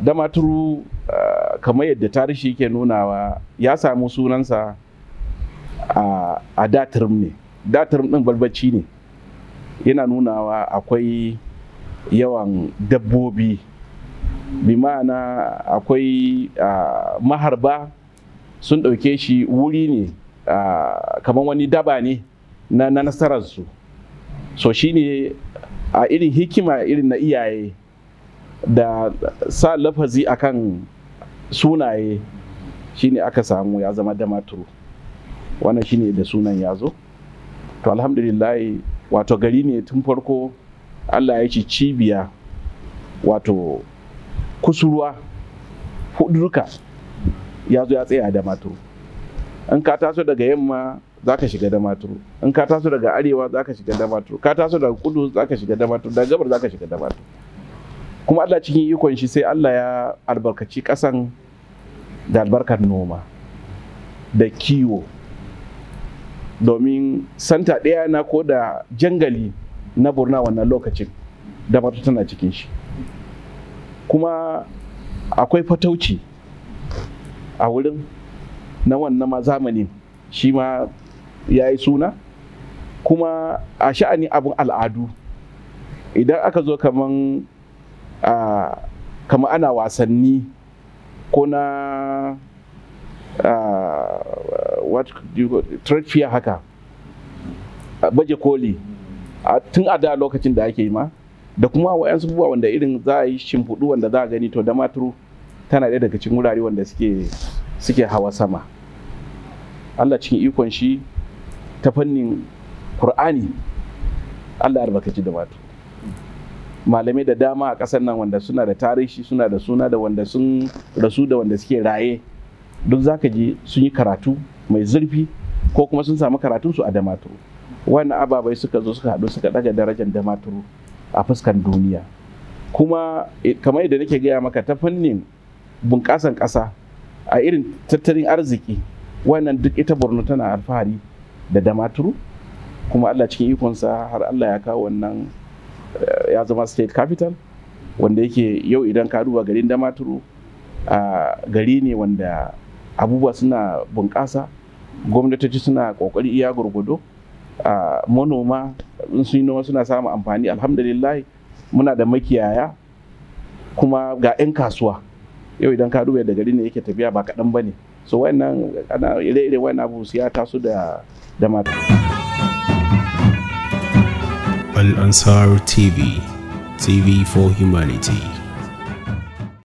damaturu kamar yadda tarihi ke nunawa ya samu sunansa a datirin ne datirin ɗin balbaci ne yana nunawa akwai yawan dabbobi bi ma'ana akwai maharba sun ɗauke shi wuri ne kamar wani daba ne na nasararsu so shine a irin hikima irin na iyaye da sa lafazi akan sunaye shine aka samu ya zama maturu wannan shine da sunan ya zo to alhamdulillah wato gari ne tun farko allah ya ci cibiya wato kusurwa huduruka ya zo ya tsaya da maturu in ka taso daga yamma za ka shiga maturu in ka taso daga arewa za ka shiga maturu ka taso daga kudu za ka shiga maturu daga gabar za ka shiga maturu kuma Allah cikin ikon shi sai Allah ya albarkaci ƙasan da albarkar noma da kiwo domin santa ɗaya na ko da jangali na burna wannan lokacin da tana cikin shi kuma akwai fatauci a wurin na wannan ma zamanin shi ma ya yi suna kuma a sha'ani abin al'adu idan aka zo kaman Ah, kama ana wasanni ko na ah, what you trade fair haka baje koli tun a da lokacin da ake yi ma da kuma wa'yansu buwa wanda irin za a yi shimfiɗu wanda za a gani to da maturu tana ɗaya daga cikin wurare wanda suke hawa sama Allah cikin ikon shi ta fannin Kur'ani Allah ya da maturu malamai da dama a ƙasar nan wanda suna da tarihi suna da suna da wanda sun rasu da wanda suke raye duk zaka ji sun yi karatu mai zurfi ko kuma sun samu su a damaturu wannan ababai suka zo suka haɗu suka ɗaga darajar damaturu a fuskan duniya kuma eh, kamar yadda nake gaya maka ta fannin bunƙasan ƙasa a irin tattalin arziki wannan duk ita borno tana alfahari da damaturu kuma allah cikin ikonsa har allah ya kawo wannan Eh, ya zama state capital wanda yake yau idan ka duba garin damaturu gari ne wanda abubuwa suna bunƙasa gwamnatoci suna ƙoƙari iya gurgudo manoma sun noma suna samun amfani alhamdulillah muna da makiyaya kuma ga 'yan kasuwa yau idan ka duba da gari ne yake tafiya ba kaɗan ba ne so wayannan ana ire-ire wayannan abu su ya taso da da mata Al Ansar TV, TV for Humanity.